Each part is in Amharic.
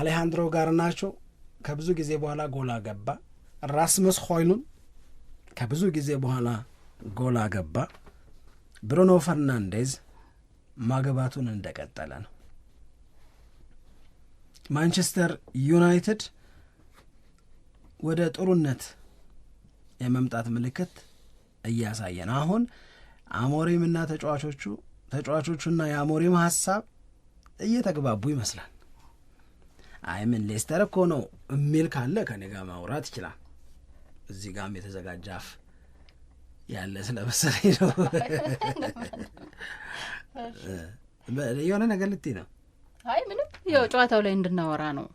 አሌሃንድሮ ጋርናቾ ከብዙ ጊዜ በኋላ ጎላ ገባ። ራስመስ ሆይሉን ከብዙ ጊዜ በኋላ ጎላ ገባ። ብሩኖ ፈርናንዴዝ ማግባቱን እንደቀጠለ ነው። ማንቸስተር ዩናይትድ ወደ ጥሩነት የመምጣት ምልክት እያሳየ ነው። አሁን አሞሪምና ተጫዋቾቹ ተጫዋቾቹና የአሞሪም ሀሳብ እየተግባቡ ይመስላል። አይ ምን ሌስተር እኮ ነው የሚል ካለ ከኔ ጋር ማውራት ይችላል። እዚህ ጋም የተዘጋጀ አፍ ያለ ስለመሰለኝ ነው። የሆነ ነገር ልትይ ነው? አይ ምንም ያው ጨዋታው ላይ እንድናወራ ነው።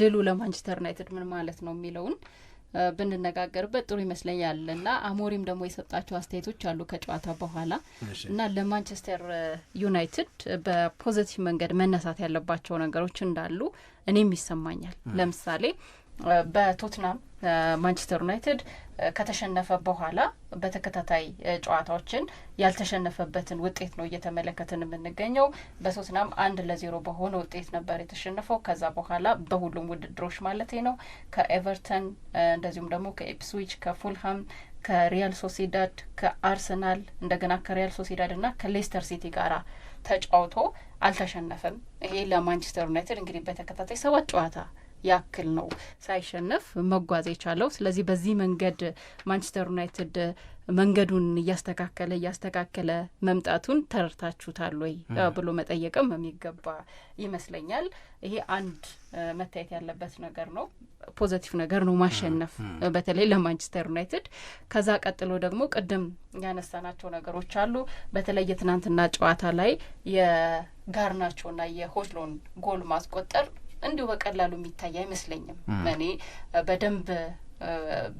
ድሉ ለማንቸስተር ዩናይትድ ምን ማለት ነው የሚለውን ብንነጋገርበት ጥሩ ይመስለኛል። እና አሞሪም ደግሞ የሰጣቸው አስተያየቶች አሉ ከጨዋታ በኋላ እና ለማንቸስተር ዩናይትድ በፖዘቲቭ መንገድ መነሳት ያለባቸው ነገሮች እንዳሉ እኔም ይሰማኛል። ለምሳሌ በቶትናም ማንቸስተር ዩናይትድ ከተሸነፈ በኋላ በተከታታይ ጨዋታዎችን ያልተሸነፈበትን ውጤት ነው እየተመለከትን የምንገኘው። በቶትናም አንድ ለዜሮ በሆነ ውጤት ነበር የተሸነፈው። ከዛ በኋላ በሁሉም ውድድሮች ማለት ነው ከኤቨርተን እንደዚሁም ደግሞ ከኤፕስዊች፣ ከፉልሃም ከሪያል ሶሲዳድ፣ ከአርሰናል እንደገና ከሪያል ሶሲዳድ እና ከሌስተር ሲቲ ጋራ ተጫውቶ አልተሸነፈም። ይሄ ለማንቸስተር ዩናይትድ እንግዲህ በተከታታይ ሰባት ጨዋታ ያክል ነው ሳይሸነፍ መጓዝ የቻለው። ስለዚህ በዚህ መንገድ ማንቸስተር ዩናይትድ መንገዱን እያስተካከለ እያስተካከለ መምጣቱን ተረድታችሁታል ወይ ብሎ መጠየቅም የሚገባ ይመስለኛል። ይሄ አንድ መታየት ያለበት ነገር ነው። ፖዘቲቭ ነገር ነው ማሸነፍ፣ በተለይ ለማንቸስተር ዩናይትድ። ከዛ ቀጥሎ ደግሞ ቅድም ያነሳናቸው ነገሮች አሉ። በተለይ የትናንትና ጨዋታ ላይ የጋርናቾና የሆጅሎን ጎል ማስቆጠር እንዲሁ በቀላሉ የሚታይ አይመስለኝም። እኔ በደንብ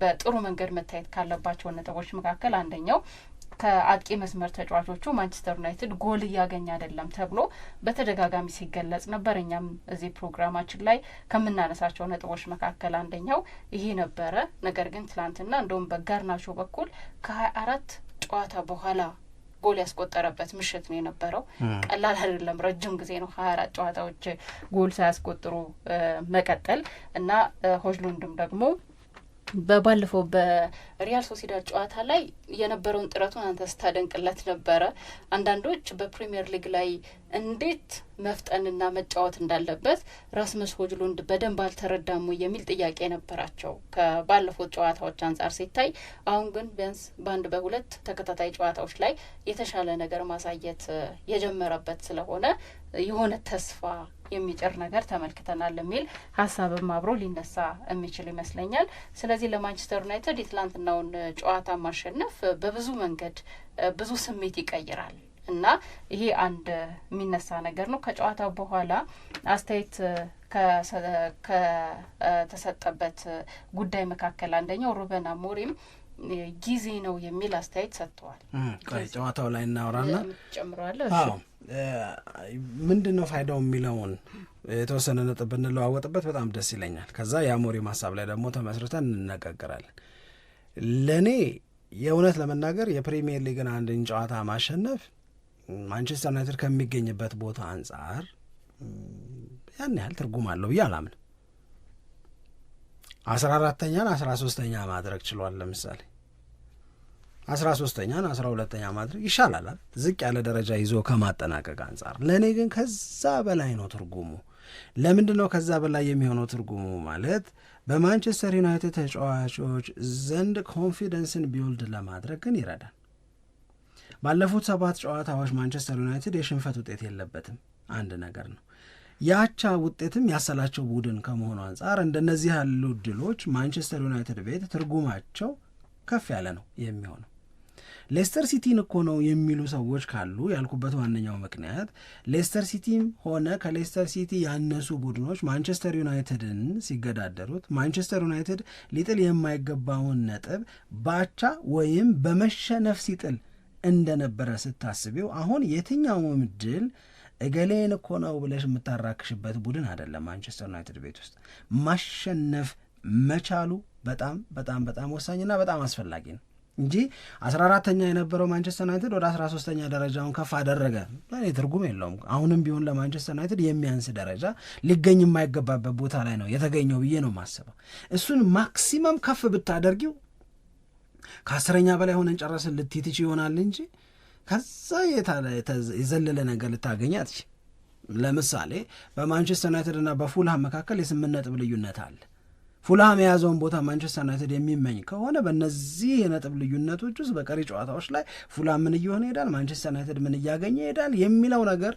በጥሩ መንገድ መታየት ካለባቸው ነጥቦች መካከል አንደኛው ከአጥቂ መስመር ተጫዋቾቹ ማንቸስተር ዩናይትድ ጎል እያገኘ አይደለም ተብሎ በተደጋጋሚ ሲገለጽ ነበር። እኛም እዚህ ፕሮግራማችን ላይ ከምናነሳቸው ነጥቦች መካከል አንደኛው ይሄ ነበረ። ነገር ግን ትላንትና እንደውም በጋርናቾ በኩል ከሀያ አራት ጨዋታ በኋላ ጎል ያስቆጠረበት ምሽት ነው የነበረው። ቀላል አይደለም፣ ረጅም ጊዜ ነው ሀያ አራት ጨዋታዎች ጎል ሳያስቆጥሩ መቀጠል እና ሆጅሉንድም ደግሞ በባለፈው ሪያል ሶሲዳድ ጨዋታ ላይ የነበረውን ጥረቱን አንተ ስታደንቅለት ነበረ። አንዳንዶች በፕሪምየር ሊግ ላይ እንዴት መፍጠንና መጫወት እንዳለበት ራስመስ ሆጅሉንድ በደንብ አልተረዳሙ የሚል ጥያቄ ነበራቸው ከባለፉት ጨዋታዎች አንጻር ሲታይ። አሁን ግን ቢያንስ በአንድ በሁለት ተከታታይ ጨዋታዎች ላይ የተሻለ ነገር ማሳየት የጀመረበት ስለሆነ የሆነ ተስፋ የሚጭር ነገር ተመልክተናል የሚል ሀሳብም አብሮ ሊነሳ የሚችል ይመስለኛል። ስለዚህ ለማንቸስተር ዩናይትድ የትላንት ዋናውን ጨዋታ ማሸነፍ በብዙ መንገድ ብዙ ስሜት ይቀይራል እና ይሄ አንድ የሚነሳ ነገር ነው። ከጨዋታ በኋላ አስተያየት ከተሰጠበት ጉዳይ መካከል አንደኛው ሩበን አሞሪም ጊዜ ነው የሚል አስተያየት ሰጥተዋል። ጨዋታው ላይ እናውራና ጨምረዋለሁ። ምንድን ነው ፋይዳው የሚለውን የተወሰነ ነጥብ ብንለዋወጥበት በጣም ደስ ይለኛል። ከዛ የአሞሪም ሀሳብ ላይ ደግሞ ተመስርተን እንነጋገራለን። ለእኔ የእውነት ለመናገር የፕሪሚየር ሊግን አንድን ጨዋታ ማሸነፍ ማንቸስተር ዩናይትድ ከሚገኝበት ቦታ አንጻር ያን ያህል ትርጉም አለው ብዬ አላምን። አስራ አራተኛን አስራ ሶስተኛ ማድረግ ችሏል። ለምሳሌ አስራ ሶስተኛን አስራ ሁለተኛ ማድረግ ይሻላል፣ ዝቅ ያለ ደረጃ ይዞ ከማጠናቀቅ አንጻር። ለእኔ ግን ከዛ በላይ ነው ትርጉሙ። ለምንድን ነው ከዛ በላይ የሚሆነው ትርጉሙ ማለት በማንቸስተር ዩናይትድ ተጫዋቾች ዘንድ ኮንፊደንስን ቢውልድ ለማድረግ ግን ይረዳል። ባለፉት ሰባት ጨዋታዎች ማንቸስተር ዩናይትድ የሽንፈት ውጤት የለበትም፣ አንድ ነገር ነው። የአቻ ውጤትም ያሰላቸው ቡድን ከመሆኑ አንጻር እንደነዚህ ያሉ ድሎች ማንቸስተር ዩናይትድ ቤት ትርጉማቸው ከፍ ያለ ነው የሚሆነው። ሌስተር ሲቲን እኮ ነው የሚሉ ሰዎች ካሉ ያልኩበት ዋነኛው ምክንያት ሌስተር ሲቲም ሆነ ከሌስተር ሲቲ ያነሱ ቡድኖች ማንቸስተር ዩናይትድን ሲገዳደሩት ማንቸስተር ዩናይትድ ሊጥል የማይገባውን ነጥብ ባቻ ወይም በመሸነፍ ሲጥል እንደነበረ ስታስቢው አሁን የትኛውም ድል እገሌን እኮ ነው ብለሽ የምታራክሽበት ቡድን አይደለም። ማንቸስተር ዩናይትድ ቤት ውስጥ ማሸነፍ መቻሉ በጣም በጣም በጣም ወሳኝና በጣም አስፈላጊ ነው። እንጂ አስራ አራተኛ የነበረው ማንቸስተር ዩናይትድ ወደ አስራ ሶስተኛ ደረጃውን ከፍ አደረገ። እኔ ትርጉም የለውም። አሁንም ቢሆን ለማንቸስተር ዩናይትድ የሚያንስ ደረጃ ሊገኝ የማይገባበት ቦታ ላይ ነው የተገኘው ብዬ ነው የማስበው። እሱን ማክሲመም ከፍ ብታደርጊው ከአስረኛ በላይ ሆነን ጨረስን ልትትች ይሆናል እንጂ ከዛ የዘለለ ነገር ልታገኝ ለምሳሌ በማንቸስተር ዩናይትድ እና በፉልሃም መካከል የስምንት ነጥብ ልዩነት አለ። ፉላም የያዘውን ቦታ ማንቸስተር ዩናይትድ የሚመኝ ከሆነ በእነዚህ የነጥብ ልዩነቶች ውስጥ በቀሪ ጨዋታዎች ላይ ፉላም ምን እየሆነ ይሄዳል፣ ማንቸስተር ዩናይትድ ምን እያገኘ ይሄዳል የሚለው ነገር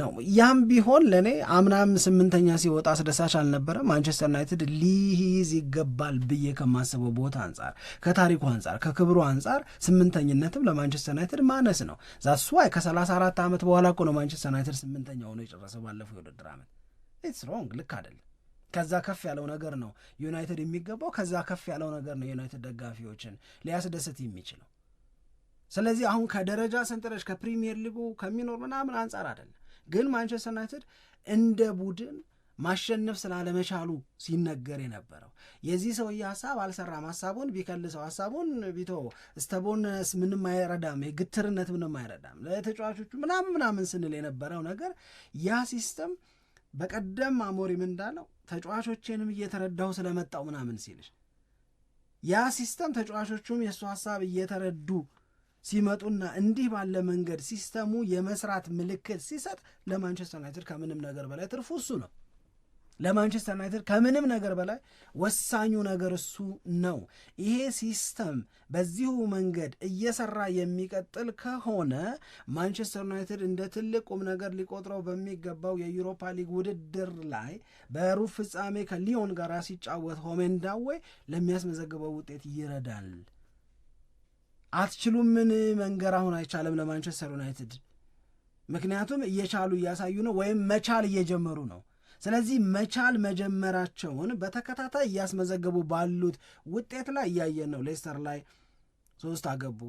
ነው። ያም ቢሆን ለእኔ አምናም ስምንተኛ ሲወጣ አስደሳች አልነበረም። ማንቸስተር ዩናይትድ ሊይዝ ይገባል ብዬ ከማስበው ቦታ አንጻር፣ ከታሪኩ አንጻር፣ ከክብሩ አንጻር ስምንተኝነትም ለማንቸስተር ዩናይትድ ማነስ ነው። ዛስ ዋይ ከ አራት ዓመት በኋላ እኮ ነው ማንቸስተር ዩናይትድ ስምንተኛ ሆኖ የጨረሰው ባለፈው የውድድር ዓመት። ኢትስ ሮንግ ልክ አይደለም። ከዛ ከፍ ያለው ነገር ነው ዩናይትድ የሚገባው። ከዛ ከፍ ያለው ነገር ነው ዩናይትድ ደጋፊዎችን ሊያስደስት የሚችለው። ስለዚህ አሁን ከደረጃ ሰንጠረዥ ከፕሪሚየር ሊጉ ከሚኖር ምናምን አንጻር አይደለም፣ ግን ማንቸስተር ዩናይትድ እንደ ቡድን ማሸነፍ ስላለመቻሉ ሲነገር የነበረው የዚህ ሰውዬ ሀሳብ አልሰራም፣ ሀሳቡን ቢከልሰው፣ ሀሳቡን ቢቶ ስተቦነስ ምንም አይረዳም፣ ግትርነት ምንም አይረዳም ለተጫዋቾቹ ምናምን ምናምን ስንል የነበረው ነገር ያ ሲስተም በቀደም አሞሪም እንዳለው ተጫዋቾቼንም እየተረዳሁ ስለመጣው ምናምን ሲልሽ ያ ሲስተም ተጫዋቾቹም የእሱ ሀሳብ እየተረዱ ሲመጡና እንዲህ ባለ መንገድ ሲስተሙ የመስራት ምልክት ሲሰጥ ለማንቸስተር ዩናይትድ ከምንም ነገር በላይ ትርፉ እሱ ነው። ለማንቸስተር ዩናይትድ ከምንም ነገር በላይ ወሳኙ ነገር እሱ ነው። ይሄ ሲስተም በዚሁ መንገድ እየሰራ የሚቀጥል ከሆነ ማንቸስተር ዩናይትድ እንደ ትልቅ ቁም ነገር ሊቆጥረው በሚገባው የዩሮፓ ሊግ ውድድር ላይ በሩብ ፍጻሜ ከሊዮን ጋር ሲጫወት ሆሜንዳዌ ለሚያስመዘግበው ውጤት ይረዳል። አትችሉምን መንገር አሁን አይቻልም ለማንቸስተር ዩናይትድ ምክንያቱም እየቻሉ እያሳዩ ነው፣ ወይም መቻል እየጀመሩ ነው ስለዚህ መቻል መጀመራቸውን በተከታታይ እያስመዘገቡ ባሉት ውጤት ላይ እያየን ነው። ሌስተር ላይ ሶስት አገቡ።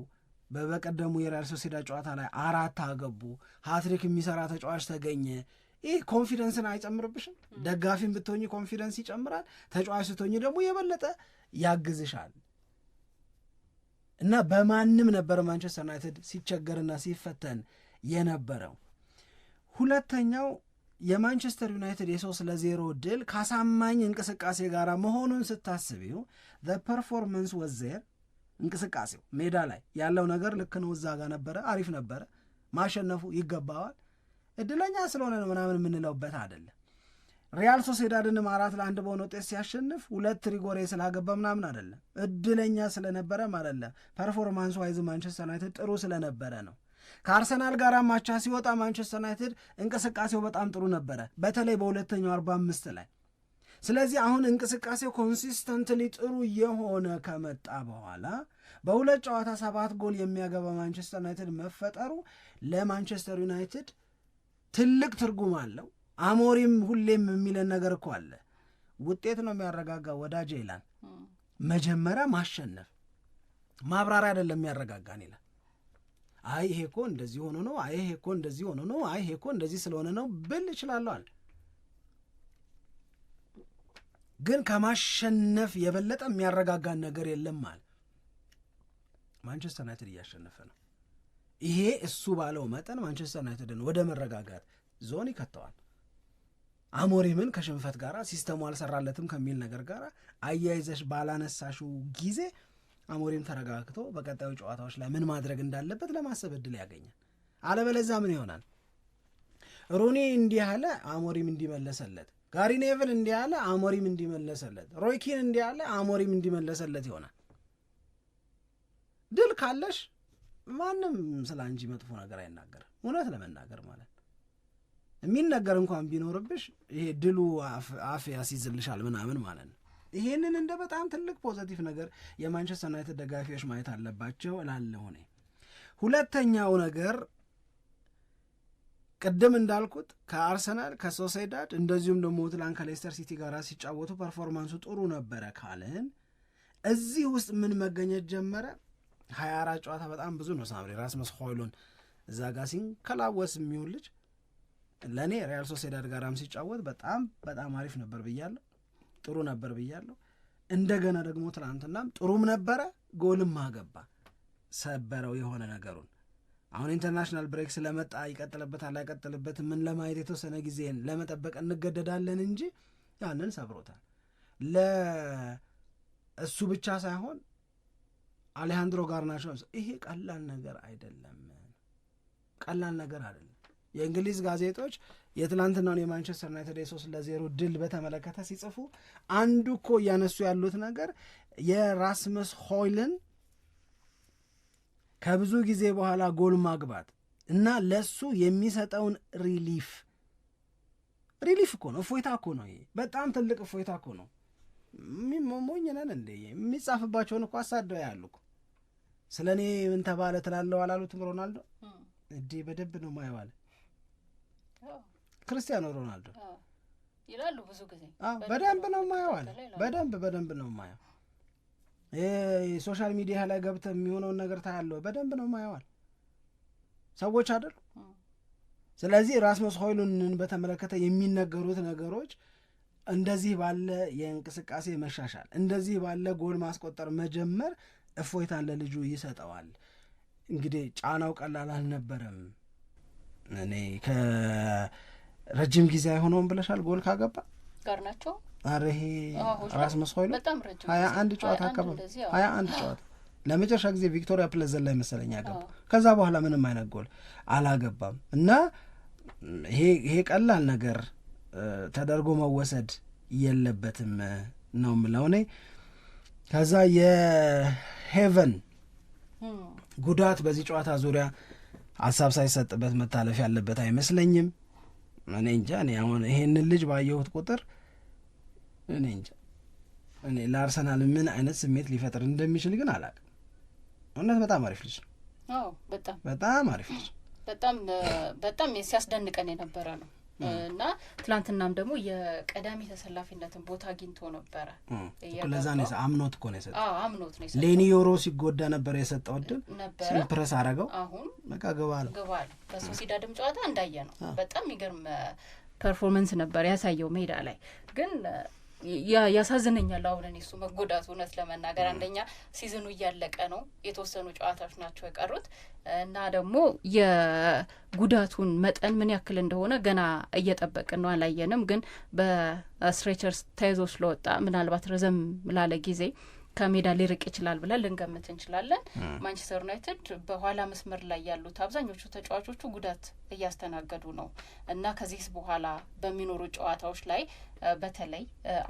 በበቀደሙ የሪያል ሶሴዳ ጨዋታ ላይ አራት አገቡ። ሀትሪክ የሚሰራ ተጫዋች ተገኘ። ይህ ኮንፊደንስን አይጨምርብሽም? ደጋፊን ብትሆኝ ኮንፊደንስ ይጨምራል። ተጫዋች ስትሆኝ ደግሞ የበለጠ ያግዝሻል እና በማንም ነበር ማንቸስተር ዩናይትድ ሲቸገርና ሲፈተን የነበረው። ሁለተኛው የማንቸስተር ዩናይትድ የሶስት ለዜሮ ድል ካሳማኝ እንቅስቃሴ ጋር መሆኑን ስታስቢው ዘ ፐርፎርመንስ ወዘር እንቅስቃሴው ሜዳ ላይ ያለው ነገር ልክ ነው። እዛ ጋር ነበረ፣ አሪፍ ነበረ፣ ማሸነፉ ይገባዋል፣ እድለኛ ስለሆነ ነው ምናምን የምንለውበት አይደለም። ሪያል ሶሴዳድንም አራት ለአንድ በሆነ ውጤት ሲያሸንፍ ሁለት ሪጎሬ ስላገባ ምናምን አይደለም፣ እድለኛ ስለነበረም አይደለም። ፐርፎርማንስ ዋይዝ ማንቸስተር ዩናይትድ ጥሩ ስለነበረ ነው። ከአርሰናል ጋር ማቻ ሲወጣ ማንቸስተር ዩናይትድ እንቅስቃሴው በጣም ጥሩ ነበረ፣ በተለይ በሁለተኛው 45 ላይ። ስለዚህ አሁን እንቅስቃሴው ኮንሲስተንትሊ ጥሩ የሆነ ከመጣ በኋላ በሁለት ጨዋታ ሰባት ጎል የሚያገባ ማንቸስተር ዩናይትድ መፈጠሩ ለማንቸስተር ዩናይትድ ትልቅ ትርጉም አለው። አሞሪም ሁሌም የሚለን ነገር እኮ አለ። ውጤት ነው የሚያረጋጋ ወዳጅ ይላል። መጀመሪያ ማሸነፍ ማብራሪያ አይደለም የሚያረጋጋን ይላል። አይ ይሄ እኮ እንደዚህ ሆኖ ነው፣ አይ ይሄ እኮ እንደዚህ ሆኖ ነው፣ አይ ይሄ እኮ እንደዚህ ስለሆነ ነው ብል አለ። ግን ከማሸነፍ የበለጠ የሚያረጋጋን ነገር የለም አለ። ማንቸስተር ዩናይትድ እያሸነፈ ነው። ይሄ እሱ ባለው መጠን ማንቸስተር ዩናይትድን ወደ መረጋጋት ዞን ይከተዋል። አሞሪምን ከሽንፈት ጋር ሲስተሙ አልሰራለትም ከሚል ነገር ጋር አያይዘሽ ባላነሳሹ ጊዜ አሞሪም ተረጋግቶ በቀጣዩ ጨዋታዎች ላይ ምን ማድረግ እንዳለበት ለማሰብ እድል ያገኛል። አለበለዛ ምን ይሆናል? ሩኒ እንዲህ አለ፣ አሞሪም እንዲመለሰለት፣ ጋሪ ኔቭል እንዲህ አለ፣ አሞሪም እንዲመለሰለት፣ ሮይኪን እንዲህ አለ፣ አሞሪም እንዲመለሰለት ይሆናል። ድል ካለሽ ማንም ስለ አንቺ መጥፎ ነገር አይናገርም። እውነት ለመናገር ማለት የሚነገር እንኳን ቢኖርብሽ ይሄ ድሉ አፍ ያስይዝልሻል ምናምን ማለት ነው። ይሄንን እንደ በጣም ትልቅ ፖዘቲቭ ነገር የማንቸስተር ዩናይትድ ደጋፊዎች ማየት አለባቸው እላለሁ እኔ። ሁለተኛው ነገር ቅድም እንዳልኩት ከአርሰናል ከሶሴዳድ እንደዚሁም ደግሞ ትላንት ከሌስተር ሲቲ ጋር ሲጫወቱ ፐርፎርማንሱ ጥሩ ነበረ ካልን እዚህ ውስጥ ምን መገኘት ጀመረ? ሀያ አራት ጨዋታ በጣም ብዙ ነው። ሳምሪ ራስመስ ሆይሉንድ እዛ ጋር ሲንከላወስ የሚውል ልጅ ለእኔ ሪያል ሶሴዳድ ጋራም ሲጫወት በጣም በጣም አሪፍ ነበር ብያለሁ። ጥሩ ነበር ብያለሁ። እንደገና ደግሞ ትናንትናም ጥሩም ነበረ፣ ጎልም አገባ፣ ሰበረው የሆነ ነገሩን። አሁን ኢንተርናሽናል ብሬክ ስለመጣ ይቀጥልበታል አይቀጥልበትም፣ ምን ለማየት የተወሰነ ጊዜን ለመጠበቅ እንገደዳለን እንጂ ያንን ሰብሮታል። ለእሱ ብቻ ሳይሆን አሌሃንድሮ ጋርናቾ ይሄ ቀላል ነገር አይደለም፣ ቀላል ነገር አይደለም። የእንግሊዝ ጋዜጦች የትላንትናውን የማንቸስተር ዩናይትድ የሶስት ለዜሮ ድል በተመለከተ ሲጽፉ አንዱ እኮ እያነሱ ያሉት ነገር የራስመስ ሆይልን ከብዙ ጊዜ በኋላ ጎል ማግባት እና ለሱ የሚሰጠውን ሪሊፍ ሪሊፍ እኮ ነው፣ እፎይታ እኮ ነው። ይሄ በጣም ትልቅ እፎይታ እኮ ነው። ሞኝ ነን እንዴ? የሚጻፍባቸውን እኮ አሳደው ያሉ ስለ እኔ ምን ተባለ ትላለው አላሉትም? ሮናልዶ እንዲህ በደንብ ነው ማየዋል ክርስቲያኖ ሮናልዶ ይላሉ ብዙ ጊዜ። በደንብ ነው ማየው አለ። በደንብ በደንብ ነው ማየው። ሶሻል ሚዲያ ላይ ገብተ የሚሆነውን ነገር ታያለህ። በደንብ ነው ማየዋል ሰዎች አይደሉ። ስለዚህ ራስመስ ሆይሉንን በተመለከተ የሚነገሩት ነገሮች እንደዚህ ባለ የእንቅስቃሴ መሻሻል፣ እንደዚህ ባለ ጎል ማስቆጠር መጀመር እፎይታን ለልጁ ይሰጠዋል። እንግዲህ ጫናው ቀላል አልነበረም። እኔ ረጅም ጊዜ አይሆነውም ብለሻል። ጎል ካገባ ጋር ናቸው። አረ ይሄ ራስመስ ሆይሉ ሀያ አንድ ጨዋታ አካባቢ ሀያ አንድ ጨዋታ ለመጨረሻ ጊዜ ቪክቶሪያ ፕለዘን ላይ መሰለኝ ያገባ። ከዛ በኋላ ምንም አይነት ጎል አላገባም እና ይሄ ቀላል ነገር ተደርጎ መወሰድ የለበትም ነው ምለው እኔ። ከዛ የሄቨን ጉዳት በዚህ ጨዋታ ዙሪያ ሀሳብ ሳይሰጥበት መታለፍ ያለበት አይመስለኝም። እኔ እንጃ እኔ አሁን ይሄንን ልጅ ባየሁት ቁጥር እኔ እንጃ እኔ ለአርሰናል ምን አይነት ስሜት ሊፈጥር እንደሚችል ግን አላውቅም። እውነት በጣም አሪፍ ልጅ ነው። በጣም በጣም አሪፍ ልጅ በጣም በጣም ሲያስደንቀን የነበረ ነው። እና ትላንትናም ደግሞ የቀዳሚ ተሰላፊነትን ቦታ አግኝቶ ነበረ። ለዛ ነው አምኖት እኮ ነው የሰጠው። አምኖት ነው ሌኒ ዮሮ ሲጎዳ ነበር የሰጠው እድል ሲምፕረስ አረገው። አሁን በቃ ግባ ነው ግባ ነው። በሶሲዳድም ጨዋታ እንዳየ ነው በጣም የሚገርም ፐርፎርመንስ ነበር ያሳየው ሜዳ ላይ ግን ያሳዝነኛል አሁን እኔ እሱ መጎዳት እውነት ለመናገር አንደኛ ሲዝኑ እያለቀ ነው፣ የተወሰኑ ጨዋታዎች ናቸው የቀሩት እና ደግሞ የጉዳቱን መጠን ምን ያክል እንደሆነ ገና እየጠበቅን ነው፣ አላየንም። ግን በስትሬቸር ተይዞ ስለወጣ ምናልባት ረዘም ላለ ጊዜ ከሜዳ ሊርቅ ይችላል ብለን ልንገምት እንችላለን። ማንቸስተር ዩናይትድ በኋላ መስመር ላይ ያሉት አብዛኞቹ ተጫዋቾቹ ጉዳት እያስተናገዱ ነው እና ከዚህ በኋላ በሚኖሩ ጨዋታዎች ላይ በተለይ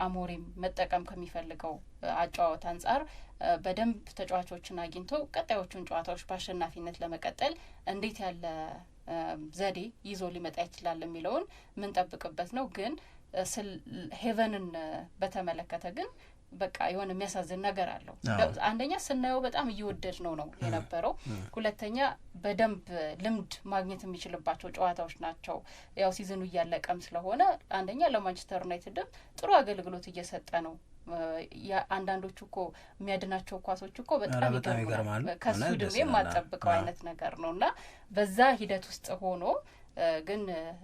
አሞሪም መጠቀም ከሚፈልገው አጨዋወት አንጻር በደንብ ተጫዋቾችን አግኝቶ ቀጣዮቹን ጨዋታዎች በአሸናፊነት ለመቀጠል እንዴት ያለ ዘዴ ይዞ ሊመጣ ይችላል የሚለውን ምንጠብቅበት ነው። ግን ስል ሄቨንን በተመለከተ ግን በቃ የሆነ የሚያሳዝን ነገር አለው። አንደኛ ስናየው በጣም እየወደድ ነው ነው የነበረው። ሁለተኛ በደንብ ልምድ ማግኘት የሚችልባቸው ጨዋታዎች ናቸው። ያው ሲዝኑ እያለቀም ስለሆነ አንደኛ ለማንቸስተር ዩናይትድም ጥሩ አገልግሎት እየሰጠ ነው። አንዳንዶቹ እኮ የሚያድናቸው ኳሶች እኮ በጣም ይገርማሉ። ከሱ ድሜ የማጠብቀው አይነት ነገር ነው እና በዛ ሂደት ውስጥ ሆኖ ግን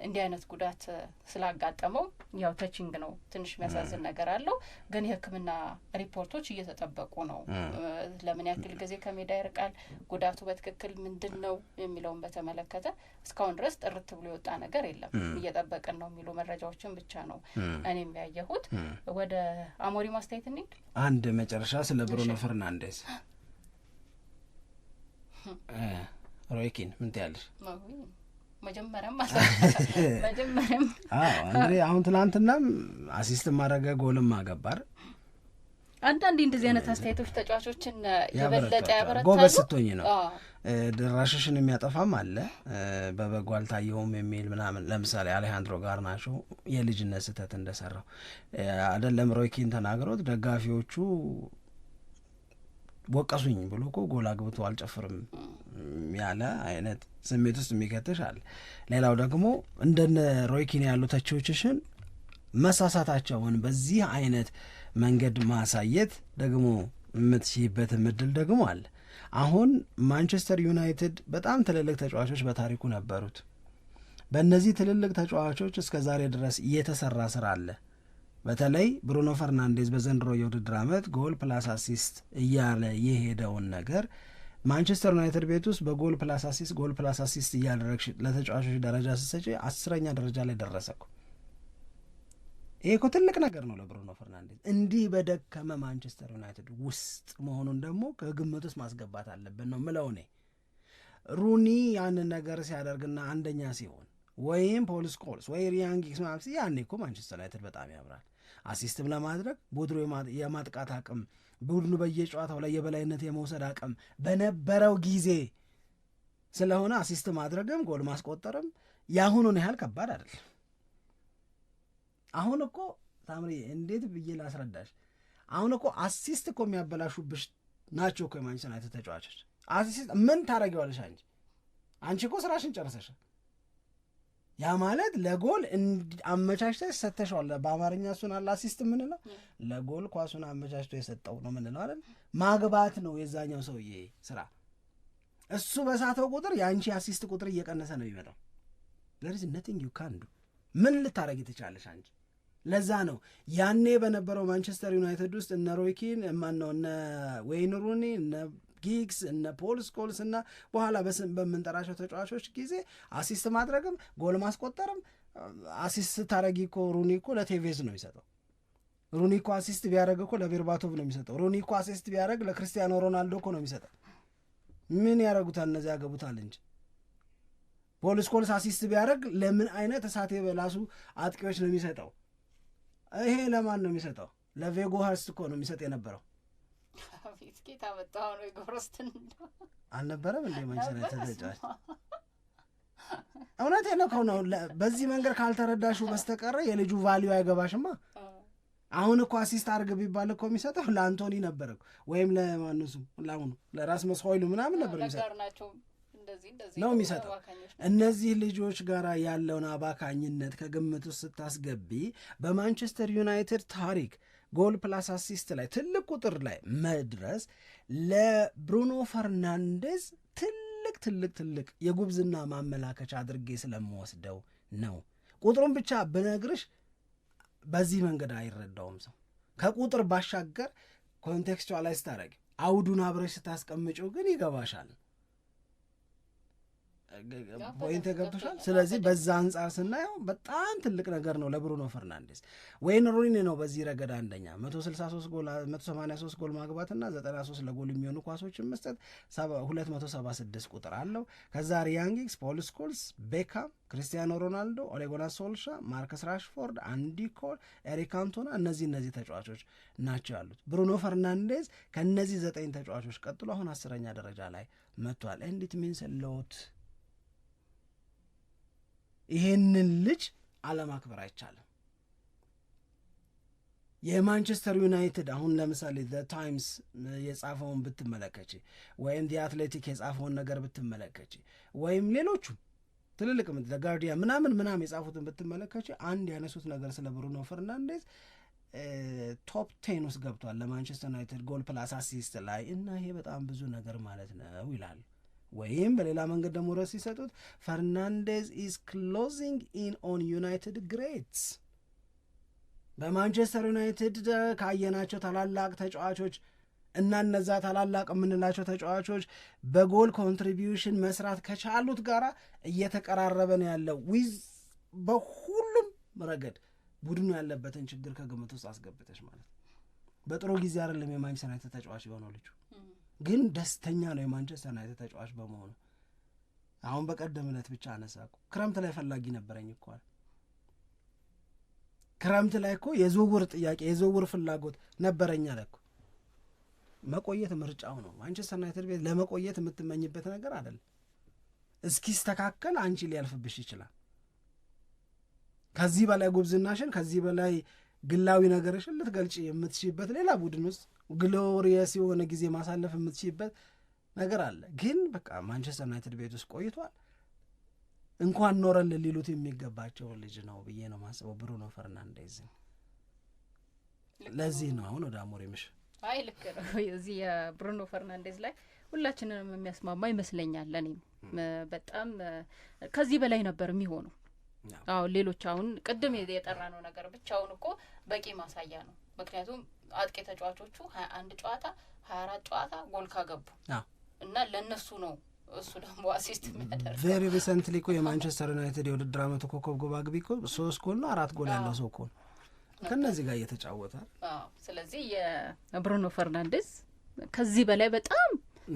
እንዲህ አይነት ጉዳት ስላጋጠመው ያው ተቺንግ ነው ትንሽ የሚያሳዝን ነገር አለው። ግን የሕክምና ሪፖርቶች እየተጠበቁ ነው። ለምን ያክል ጊዜ ከሜዳ ይርቃል፣ ጉዳቱ በትክክል ምንድን ነው የሚለውን በተመለከተ እስካሁን ድረስ ጥርት ብሎ የወጣ ነገር የለም። እየጠበቅን ነው የሚሉ መረጃዎችን ብቻ ነው እኔ የሚያየሁት። ወደ አሞሪ ማስተያየት እንሂድ። አንድ መጨረሻ ስለ ብሩኖ ፈርናንዴስ ሮይኪን ምን ትያለሽ? መጀመሪያም መጀመሪያም እንግዲህ አሁን ትናንትናም አሲስት ማድረገ ጎልም አገባር አንዳንዴ እንደዚህ አይነት አስተያየቶች ተጫዋቾችን የበለጠ ያበረታሉ። ጎበዝ ስትሆኝ ነው ድራሽሽን የሚያጠፋም አለ በበጎ አልታየውም የሚል ምናምን። ለምሳሌ አሌሃንድሮ ጋርናቾ የልጅነት ስህተት እንደሰራው አይደለም ሮይኪን ተናግሮት ደጋፊዎቹ ወቀሱኝ ብሎ እኮ ጎል አግብቶ አልጨፍርም ያለ አይነት ስሜት ውስጥ የሚከትሽ አለ። ሌላው ደግሞ እንደነ ሮይኪን ያሉ ተቺዎችሽን መሳሳታቸውን በዚህ አይነት መንገድ ማሳየት ደግሞ የምትሽበት ምድል ደግሞ አለ። አሁን ማንቸስተር ዩናይትድ በጣም ትልልቅ ተጫዋቾች በታሪኩ ነበሩት። በእነዚህ ትልልቅ ተጫዋቾች እስከ ዛሬ ድረስ እየተሰራ ስራ አለ። በተለይ ብሩኖ ፈርናንዴዝ በዘንድሮ የውድድር ዓመት ጎል ፕላስ አሲስት እያለ የሄደውን ነገር ማንቸስተር ዩናይትድ ቤት ውስጥ በጎል ፕላስ አሲስት ጎል ፕላስ አሲስት እያደረግሽ ለተጫዋቾች ደረጃ ስትሰጪ አስረኛ ደረጃ ላይ ደረሰኩ እኮ። ይሄ እኮ ትልቅ ነገር ነው ለብሩኖ ፈርናንዴዝ። እንዲህ በደከመ ማንቸስተር ዩናይትድ ውስጥ መሆኑን ደግሞ ከግምት ውስጥ ማስገባት አለብን ነው ምለው እኔ ሩኒ ያንን ነገር ሲያደርግና አንደኛ ሲሆን ወይም ፖል ስኮልስ ወይ ሪያን ጊግስ ምናምን ያኔ እኮ ማንቸስተር ዩናይትድ በጣም ያምራል። አሲስትም ለማድረግ ቡድኑ የማጥቃት አቅም ቡድኑ በየጨዋታው ላይ የበላይነት የመውሰድ አቅም በነበረው ጊዜ ስለሆነ አሲስት ማድረግም ጎል ማስቆጠርም የአሁኑን ያህል ከባድ አይደለም። አሁን እኮ ታምሪ እንዴት ብዬ ላስረዳሽ? አሁን እኮ አሲስት እኮ የሚያበላሹብሽ ናቸው እኮ የማንቸስተር ዩናይትድ ተጫዋቾች። አሲስት ምን ታደርጊዋለሽ? አንቺ አንቺ እኮ ስራሽን ጨርሰሻል። ያ ማለት ለጎል አመቻችተህ ሰተሸዋል። በአማርኛ እሱን አለ አሲስት የምንለው ለጎል ኳሱን አመቻችቶ የሰጠው ነው የምንለው አይደል? ማግባት ነው የዛኛው ሰውዬ ስራ። እሱ በሳተው ቁጥር የአንቺ አሲስት ቁጥር እየቀነሰ ነው የሚመጣው። ዘሪዝ ነቲንግ ዩ ካን ዱ ምን ልታረጊ ትችላለሽ አንቺ? ለዛ ነው ያኔ በነበረው ማንቸስተር ዩናይትድ ውስጥ እነ ሮይኪን ኪን ማነው እነ ዌይን ሩኒ እነ ጊግስ እነ ፖል ስኮልስ እና በኋላ በስም በምንጠራቸው ተጫዋቾች ጊዜ አሲስት ማድረግም ጎል ማስቆጠርም አሲስት ታረጊ እኮ ሩኒ እኮ ለቴቬዝ ነው የሚሰጠው። ሩኒ እኮ አሲስት ቢያደረግ እኮ ለቤርባቶቭ ነው የሚሰጠው። ሩኒ እኮ አሲስት ቢያደረግ ለክርስቲያኖ ሮናልዶ እኮ ነው የሚሰጠው። ምን ያደረጉታል እነዚህ? ያገቡታል እንጂ ፖል ስኮልስ አሲስት ቢያደረግ ለምን አይነት እሳት የበላሱ አጥቂዎች ነው የሚሰጠው? ይሄ ለማን ነው የሚሰጠው? ለቬጎ ሃርስ እኮ ነው የሚሰጥ የነበረው። ፊት ጌታ መጣሁ ነው የጎረስትን አልነበረም እንደ ማንችስተር ተጫዋች እውነት የነከው ከሆነ በዚህ መንገድ ካልተረዳሹ በስተቀረ የልጁ ቫሊዩ አይገባሽማ። አሁን እኮ አሲስት አርግ ቢባል እኮ የሚሰጠው ለአንቶኒ ነበር ወይም ለማንሱ ለአሁኑ ለራስ መስሆይሉ ምናምን ነበር ነው የሚሰጠው። እነዚህ ልጆች ጋር ያለውን አባካኝነት ከግምት ውስጥ ስታስገቢ በማንቸስተር ዩናይትድ ታሪክ ጎል ፕላስ አሲስት ላይ ትልቅ ቁጥር ላይ መድረስ ለብሩኖ ፈርናንዴዝ ትልቅ ትልቅ ትልቅ የጉብዝና ማመላከቻ አድርጌ ስለምወስደው ነው። ቁጥሩን ብቻ ብነግርሽ በዚህ መንገድ አይረዳውም ሰው። ከቁጥር ባሻገር ኮንቴክስቹዋላይዝ ስታደርጊ አውዱን አብረሽ ስታስቀምጪው ግን ይገባሻል። ፖይንት ገብቶሻል። ስለዚህ በዛ አንጻር ስናየው በጣም ትልቅ ነገር ነው ለብሩኖ ፈርናንዴስ። ወይን ሩኒ ነው በዚህ ረገድ አንደኛ 183 ጎል ማግባትና 93 ለጎል የሚሆኑ ኳሶችን መስጠት 276 ቁጥር አለው። ከዛ ሪያን ጊግስ፣ ፖል ስኮልስ፣ ቤካም፣ ክሪስቲያኖ ሮናልዶ፣ ኦሌጎና ሶልሻ፣ ማርከስ ራሽፎርድ፣ አንዲ ኮል፣ ኤሪክ አንቶና እነዚህ እነዚህ ተጫዋቾች ናቸው ያሉት። ብሩኖ ፈርናንዴዝ ከእነዚህ ዘጠኝ ተጫዋቾች ቀጥሎ አሁን አስረኛ ደረጃ ላይ መጥቷል። እንዲት ሚንስ ሎት ይሄንን ልጅ አለማክበር አይቻልም። የማንቸስተር ዩናይትድ አሁን ለምሳሌ ዘ ታይምስ የጻፈውን ብትመለከች ወይም ዲ አትሌቲክ የጻፈውን ነገር ብትመለከች ወይም ሌሎቹ ትልልቅ ምት ዘጋርዲያ ምናምን ምናምን የጻፉትን ብትመለከች አንድ ያነሱት ነገር ስለ ብሩኖ ፈርናንዴዝ ቶፕ ቴን ውስጥ ገብቷል ለማንቸስተር ዩናይትድ ጎል ፕላስ አሲስት ላይ እና ይሄ በጣም ብዙ ነገር ማለት ነው ይላሉ። ወይም በሌላ መንገድ ደግሞ ረስ ሲሰጡት ፈርናንዴዝ ኢዝ ክሎዚንግ ኢን ኦን ዩናይትድ ግሬትስ በማንቸስተር ዩናይትድ ካየናቸው ታላላቅ ተጫዋቾች እና እነዛ ታላላቅ የምንላቸው ተጫዋቾች በጎል ኮንትሪቢዩሽን መስራት ከቻሉት ጋር እየተቀራረበ ነው ያለው። ዊዝ በሁሉም ረገድ ቡድኑ ያለበትን ችግር ከግምት ውስጥ አስገብተች ማለት ነው። በጥሩ ጊዜ አይደለም የማንቸስተር ዩናይትድ ተጫዋች የሆነው ልጁ ግን ደስተኛ ነው የማንቸስተር ዩናይትድ ተጫዋች በመሆኑ። አሁን በቀደም ዕለት ብቻ አነሳ ክረምት ላይ ፈላጊ ነበረኝ እኮ ክረምት ላይ እኮ የዝውውር ጥያቄ የዝውውር ፍላጎት ነበረኝ አለ እኮ። መቆየት ምርጫው ነው። ማንቸስተር ዩናይትድ ቤት ለመቆየት የምትመኝበት ነገር አይደለም። እስኪስተካከል አንቺ ሊያልፍብሽ ይችላል። ከዚህ በላይ ጉብዝናሽን፣ ከዚህ በላይ ግላዊ ነገርሽን ልትገልጭ የምትችይበት ሌላ ቡድን ውስጥ ግሎሪየስ የሆነ ጊዜ ማሳለፍ የምትችልበት ነገር አለ። ግን በቃ ማንቸስተር ዩናይትድ ቤት ውስጥ ቆይቷል። እንኳን ኖረን ሊሉት የሚገባቸው ልጅ ነው ብዬ ነው ማስበው። ብሩኖ ፈርናንዴዝ ለዚህ ነው አሁን ወደ አሞሪምሽ አይ ልክ ነው። እዚህ የብሩኖ ፈርናንዴዝ ላይ ሁላችንንም የሚያስማማ ይመስለኛል። ለእኔም በጣም ከዚህ በላይ ነበር የሚሆነው። አዎ ሌሎች አሁን ቅድም የጠራ ነው ነገር ብቻውን እኮ በቂ ማሳያ ነው ምክንያቱም አጥቂ ተጫዋቾቹ ሀያ አንድ ጨዋታ ሀያ አራት ጨዋታ ጎል ካገቡ እና ለእነሱ ነው እሱ ደግሞ አሲስት የሚያደርገው። ቬሪ ሪሰንትሊ ኮ የማንቸስተር ዩናይትድ የውድድር አመቱ ኮከብ ግብ አግቢ ኮ ሶስት ጎል ነው አራት ጎል ያለው ሰው ኮ ነው ከእነዚህ ጋር እየተጫወተ ስለዚህ የብሩኖ ፈርናንዴዝ ከዚህ በላይ በጣም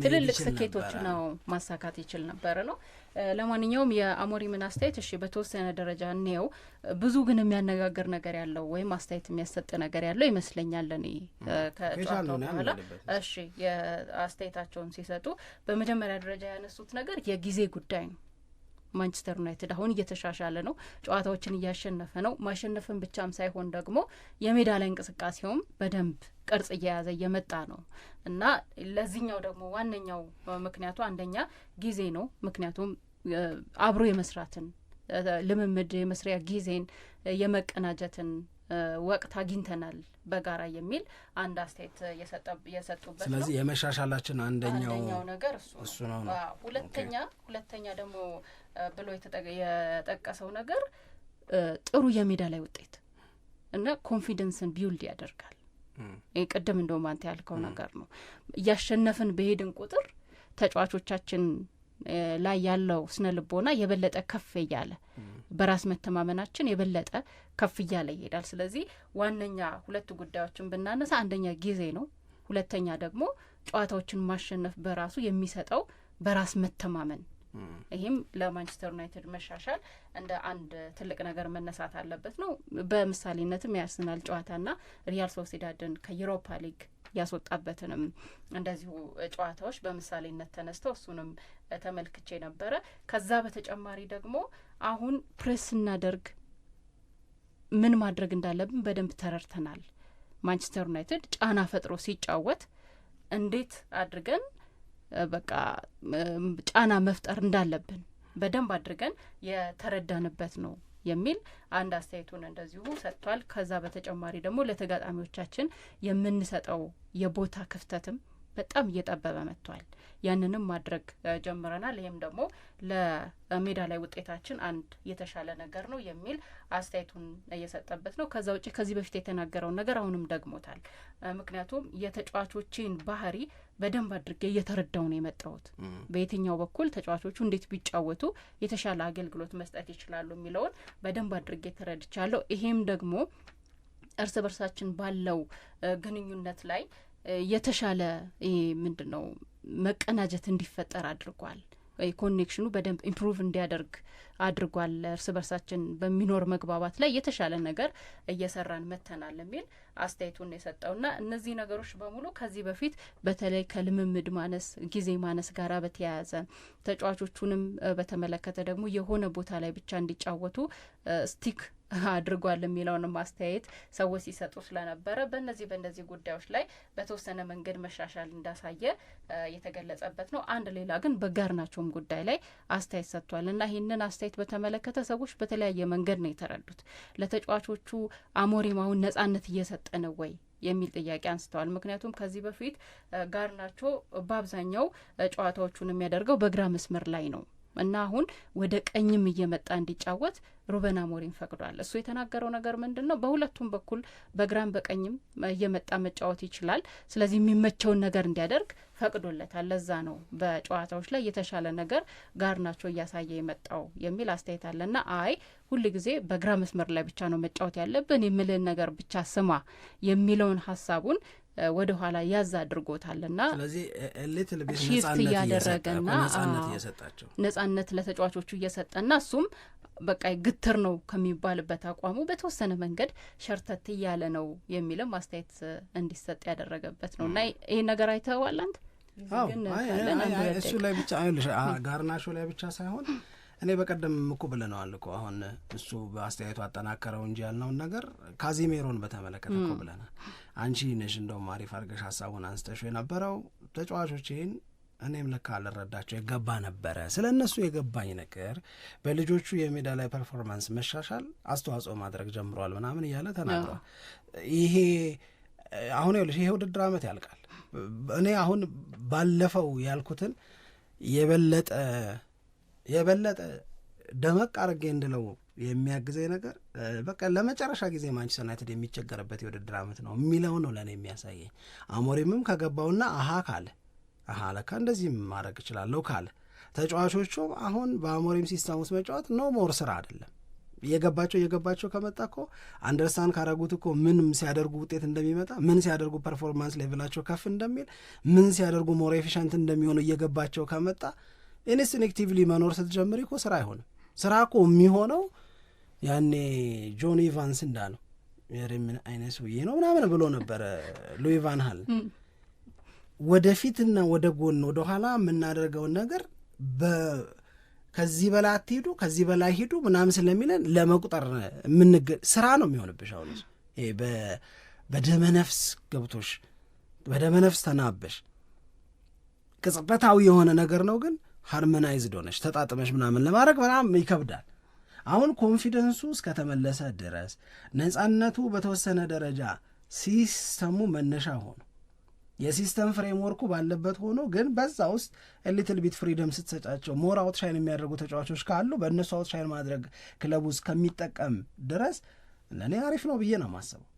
ትልልቅ ስኬቶች ነው ማሳካት ይችል ነበር ነው ለማንኛውም የአሞሪምን አስተያየት እሺ በተወሰነ ደረጃ እንየው። ብዙ ግን የሚያነጋግር ነገር ያለው ወይም አስተያየት የሚያሰጥ ነገር ያለው ይመስለኛል። እኔ ከጨዋታ በኋላ እሺ የአስተያየታቸውን ሲሰጡ በመጀመሪያ ደረጃ ያነሱት ነገር የጊዜ ጉዳይ ነው። ማንቸስተር ዩናይትድ አሁን እየተሻሻለ ነው፣ ጨዋታዎችን እያሸነፈ ነው። ማሸነፍን ብቻም ሳይሆን ደግሞ የሜዳ ላይ እንቅስቃሴውም በደንብ ቅርጽ እየያዘ እየመጣ ነው እና ለዚህኛው ደግሞ ዋነኛው ምክንያቱ አንደኛ ጊዜ ነው። ምክንያቱም አብሮ የመስራትን ልምምድ የመስሪያ ጊዜን የመቀናጀትን ወቅት አግኝተናል በጋራ የሚል አንድ አስተያየት የሰጡበት። ስለዚህ የመሻሻላችን አንደኛው ነገር እሱ ነው። ሁለተኛ ሁለተኛ ደግሞ ብሎ የጠቀሰው ነገር ጥሩ የሜዳ ላይ ውጤት እና ኮንፊደንስን ቢውልድ ያደርጋል። ይህ ቅድም እንደውም አንተ ያልከው ነገር ነው። እያሸነፍን በሄድን ቁጥር ተጫዋቾቻችን ላይ ያለው ስነ ልቦና የበለጠ ከፍ እያለ በራስ መተማመናችን የበለጠ ከፍ እያለ ይሄዳል። ስለዚህ ዋነኛ ሁለቱ ጉዳዮችን ብናነሳ አንደኛ ጊዜ ነው፣ ሁለተኛ ደግሞ ጨዋታዎችን ማሸነፍ በራሱ የሚሰጠው በራስ መተማመን ይህም ለማንቸስተር ዩናይትድ መሻሻል እንደ አንድ ትልቅ ነገር መነሳት አለበት ነው። በምሳሌነትም የአርሰናል ጨዋታና ሪያል ሶሲዳድን ከዩሮፓ ሊግ ያስወጣበትንም እንደዚሁ ጨዋታዎች በምሳሌነት ተነስተው እሱንም ተመልክቼ ነበረ። ከዛ በተጨማሪ ደግሞ አሁን ፕሬስ ስናደርግ ምን ማድረግ እንዳለብን በደንብ ተረድተናል። ማንቸስተር ዩናይትድ ጫና ፈጥሮ ሲጫወት እንዴት አድርገን በቃ ጫና መፍጠር እንዳለብን በደንብ አድርገን የተረዳንበት ነው የሚል አንድ አስተያየቱን እንደዚሁ ሰጥቷል። ከዛ በተጨማሪ ደግሞ ለተጋጣሚዎቻችን የምንሰጠው የቦታ ክፍተትም በጣም እየጠበበ መጥቷል። ያንንም ማድረግ ጀምረናል። ይህም ደግሞ ለሜዳ ላይ ውጤታችን አንድ የተሻለ ነገር ነው የሚል አስተያየቱን እየሰጠበት ነው። ከዛ ውጭ ከዚህ በፊት የተናገረውን ነገር አሁንም ደግሞታል። ምክንያቱም የተጫዋቾችን ባህሪ በደንብ አድርጌ እየተረዳው ነው የመጣሁት። በየትኛው በኩል ተጫዋቾቹ እንዴት ቢጫወቱ የተሻለ አገልግሎት መስጠት ይችላሉ የሚለውን በደንብ አድርጌ ተረድቻለሁ። ይሄም ደግሞ እርስ በርሳችን ባለው ግንኙነት ላይ የተሻለ ይሄ ምንድን ነው መቀናጀት እንዲፈጠር አድርጓል። ኮኔክሽኑ በደንብ ኢምፕሩቭ እንዲያደርግ አድርጓል። እርስ በርሳችን በሚኖር መግባባት ላይ የተሻለ ነገር እየሰራን መተናል የሚል አስተያየቱን የሰጠውና እነዚህ ነገሮች በሙሉ ከዚህ በፊት በተለይ ከልምምድ ማነስ፣ ጊዜ ማነስ ጋራ በተያያዘ ተጫዋቾቹንም በተመለከተ ደግሞ የሆነ ቦታ ላይ ብቻ እንዲጫወቱ ስቲክ አድርጓል የሚለውንም አስተያየት ሰዎች ሲሰጡ ስለነበረ በእነዚህ በእነዚህ ጉዳዮች ላይ በተወሰነ መንገድ መሻሻል እንዳሳየ የተገለጸበት ነው። አንድ ሌላ ግን በጋርናቸውም ጉዳይ ላይ አስተያየት ሰጥቷል እና ይህንን አስተያየት በተመለከተ ሰዎች በተለያየ መንገድ ነው የተረዱት። ለተጫዋቾቹ አሞሪም አሁን ነጻነት እየሰጠ ነው ወይ የሚል ጥያቄ አንስተዋል። ምክንያቱም ከዚህ በፊት ጋርናቾ በአብዛኛው ጨዋታዎቹን የሚያደርገው በግራ መስመር ላይ ነው እና አሁን ወደ ቀኝም እየመጣ እንዲጫወት ሩበን አሞሪም ፈቅዷል። እሱ የተናገረው ነገር ምንድን ነው? በሁለቱም በኩል በግራም በቀኝም እየመጣ መጫወት ይችላል። ስለዚህ የሚመቸውን ነገር እንዲያደርግ ፈቅዶለታል። ለዛ ነው በጨዋታዎች ላይ የተሻለ ነገር ጋር ናቸው እያሳየ የመጣው የሚል አስተያየት አለ ና አይ ጊዜ በግራ መስመር ላይ ብቻ ነው መጫወት ያለብን የምልን ነገር ብቻ ስማ የሚለውን ሀሳቡን ወደ ኋላ ያዝ አድርጎታልና ሽፍት እያደረገና ነጻነት ለተጫዋቾቹ እየሰጠና እሱም በቃ ግትር ነው ከሚባልበት አቋሙ በተወሰነ መንገድ ሸርተት እያለ ነው የሚልም አስተያየት እንዲሰጥ ያደረገበት ነው እና ይህን ነገር አይተዋል አንተ እሱ ላይ ብቻ ጋርናሾ ላይ ብቻ ሳይሆን እኔ በቀደም እኮ ብለነዋል እኮ አሁን እሱ በአስተያየቱ አጠናከረው እንጂ ያልነውን ነገር ካዚሜሮን በተመለከተ እኮ ብለናል። አንቺ ነሽ እንደውም አሪፍ አድርገሽ ሀሳቡን አንስተሽ የነበረው ተጫዋቾች ይህን እኔም ለካ አልረዳቸው የገባ ነበረ። ስለ እነሱ የገባኝ ነገር በልጆቹ የሜዳ ላይ ፐርፎርማንስ መሻሻል አስተዋጽኦ ማድረግ ጀምሯል ምናምን እያለ ተናግሯል። ይሄ አሁን ይኸውልሽ ይሄ ውድድር ዓመት ያልቃል። እኔ አሁን ባለፈው ያልኩትን የበለጠ የበለጠ ደመቅ አድርጌ እንድለው የሚያግዘኝ ነገር በቃ ለመጨረሻ ጊዜ ማንቸስተር ዩናይትድ የሚቸገርበት የውድድር ዓመት ነው የሚለው ነው ለእኔ የሚያሳየኝ። አሞሪምም ከገባውና አሀ ካለ አሀ ለካ እንደዚህ ማድረግ እችላለሁ ካለ ተጫዋቾቹ አሁን በአሞሪም ሲስተም ውስጥ መጫወት ኖ ሞር ስራ አይደለም። እየገባቸው እየገባቸው ከመጣ እኮ አንደርስታንድ ካረጉት እኮ ምን ሲያደርጉ ውጤት እንደሚመጣ ምን ሲያደርጉ ፐርፎርማንስ ሌቭላቸው ከፍ እንደሚል ምን ሲያደርጉ ሞር ኤፊሽንት እንደሚሆኑ እየገባቸው ከመጣ ኢንስቲንክቲቭሊ መኖር ስትጀምር እኮ ስራ አይሆንም። ስራ እኮ የሚሆነው ያኔ ጆን ኢቫንስ እንዳለው የምን አይነት ሰውዬ ነው ምናምን ብሎ ነበረ ሉዊ ቫን ሃል። ወደፊትና ወደ ጎን ወደ ኋላ የምናደርገውን ነገር ከዚህ በላይ አትሄዱ ከዚህ በላይ ሂዱ ምናምን ስለሚለን ለመቁጠር የምንገ ስራ ነው የሚሆንብሽ። አሁን በደመ ነፍስ ገብቶሽ በደመ ነፍስ ተናበሽ ቅጽበታዊ የሆነ ነገር ነው ግን ሃርመናይዝድ ሆነች ተጣጥመች ምናምን ለማድረግ በጣም ይከብዳል። አሁን ኮንፊደንሱ እስከተመለሰ ድረስ ነጻነቱ በተወሰነ ደረጃ ሲስተሙ መነሻ ሆኖ የሲስተም ፍሬምወርኩ ባለበት ሆኖ ግን በዛ ውስጥ ሊትል ቢት ፍሪደም ስትሰጫቸው ሞር አውትሻይን የሚያደርጉ ተጫዋቾች ካሉ በእነሱ አውትሻይን ማድረግ ክለቡ እስከሚጠቀም ድረስ ለእኔ አሪፍ ነው ብዬ ነው የማስበው።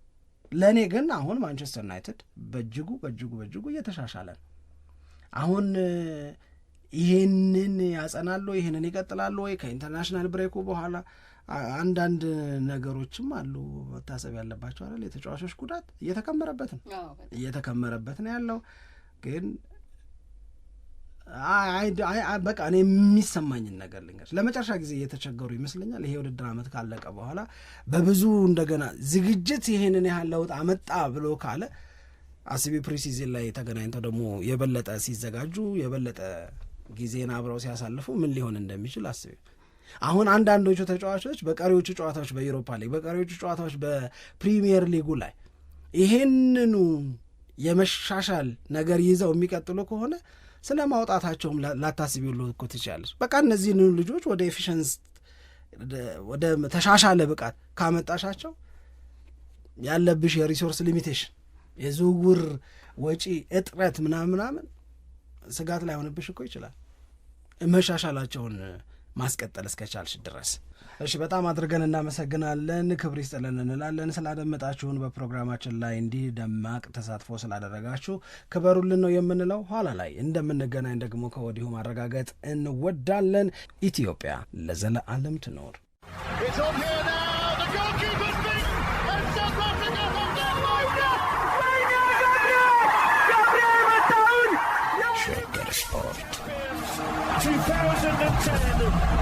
ለእኔ ግን አሁን ማንቸስተር ዩናይትድ በእጅጉ በእጅጉ በእጅጉ እየተሻሻለ ነው። አሁን ይህንን ያጸናሉ፣ ይህንን ይቀጥላሉ ወይ? ከኢንተርናሽናል ብሬኩ በኋላ አንዳንድ ነገሮችም አሉ መታሰብ ያለባቸው አይደል? የተጫዋቾች ጉዳት እየተከመረበት ነው እየተከመረበት ነው ያለው። ግን በቃ እኔ የሚሰማኝን ነገር ልንገር። ለመጨረሻ ጊዜ እየተቸገሩ ይመስለኛል። ይሄ ውድድር ዓመት ካለቀ በኋላ በብዙ እንደገና ዝግጅት ይህንን ያህል ለውጥ አመጣ ብሎ ካለ አስቢ ፕሪሲዝን ላይ ተገናኝተው ደግሞ የበለጠ ሲዘጋጁ የበለጠ ጊዜን አብረው ሲያሳልፉ ምን ሊሆን እንደሚችል አስቢ። አሁን አንዳንዶቹ ተጫዋቾች በቀሪዎቹ ጨዋታዎች በኢሮፓ ሊግ፣ በቀሪዎቹ ጨዋታዎች በፕሪሚየር ሊጉ ላይ ይሄንኑ የመሻሻል ነገር ይዘው የሚቀጥሉ ከሆነ ስለ ማውጣታቸውም ላታስቢ ሁሉ እኮ ትችላለች። በቃ እነዚህን ልጆች ወደ ኤፊሽንስ ወደ ተሻሻለ ብቃት ካመጣሻቸው ያለብሽ የሪሶርስ ሊሚቴሽን የዝውውር ወጪ እጥረት ምናምን ምናምን ስጋት ላይሆንብሽ እኮ ይችላል። መሻሻላቸውን ማስቀጠል እስከቻልሽ ድረስ። እሺ፣ በጣም አድርገን እናመሰግናለን። ክብር ይስጥልን እንላለን ስላደመጣችሁን፣ በፕሮግራማችን ላይ እንዲህ ደማቅ ተሳትፎ ስላደረጋችሁ ክበሩልን ነው የምንለው። ኋላ ላይ እንደምንገናኝ ደግሞ ከወዲሁ ማረጋገጥ እንወዳለን። ኢትዮጵያ ለዘለዓለም ትኖር። Ten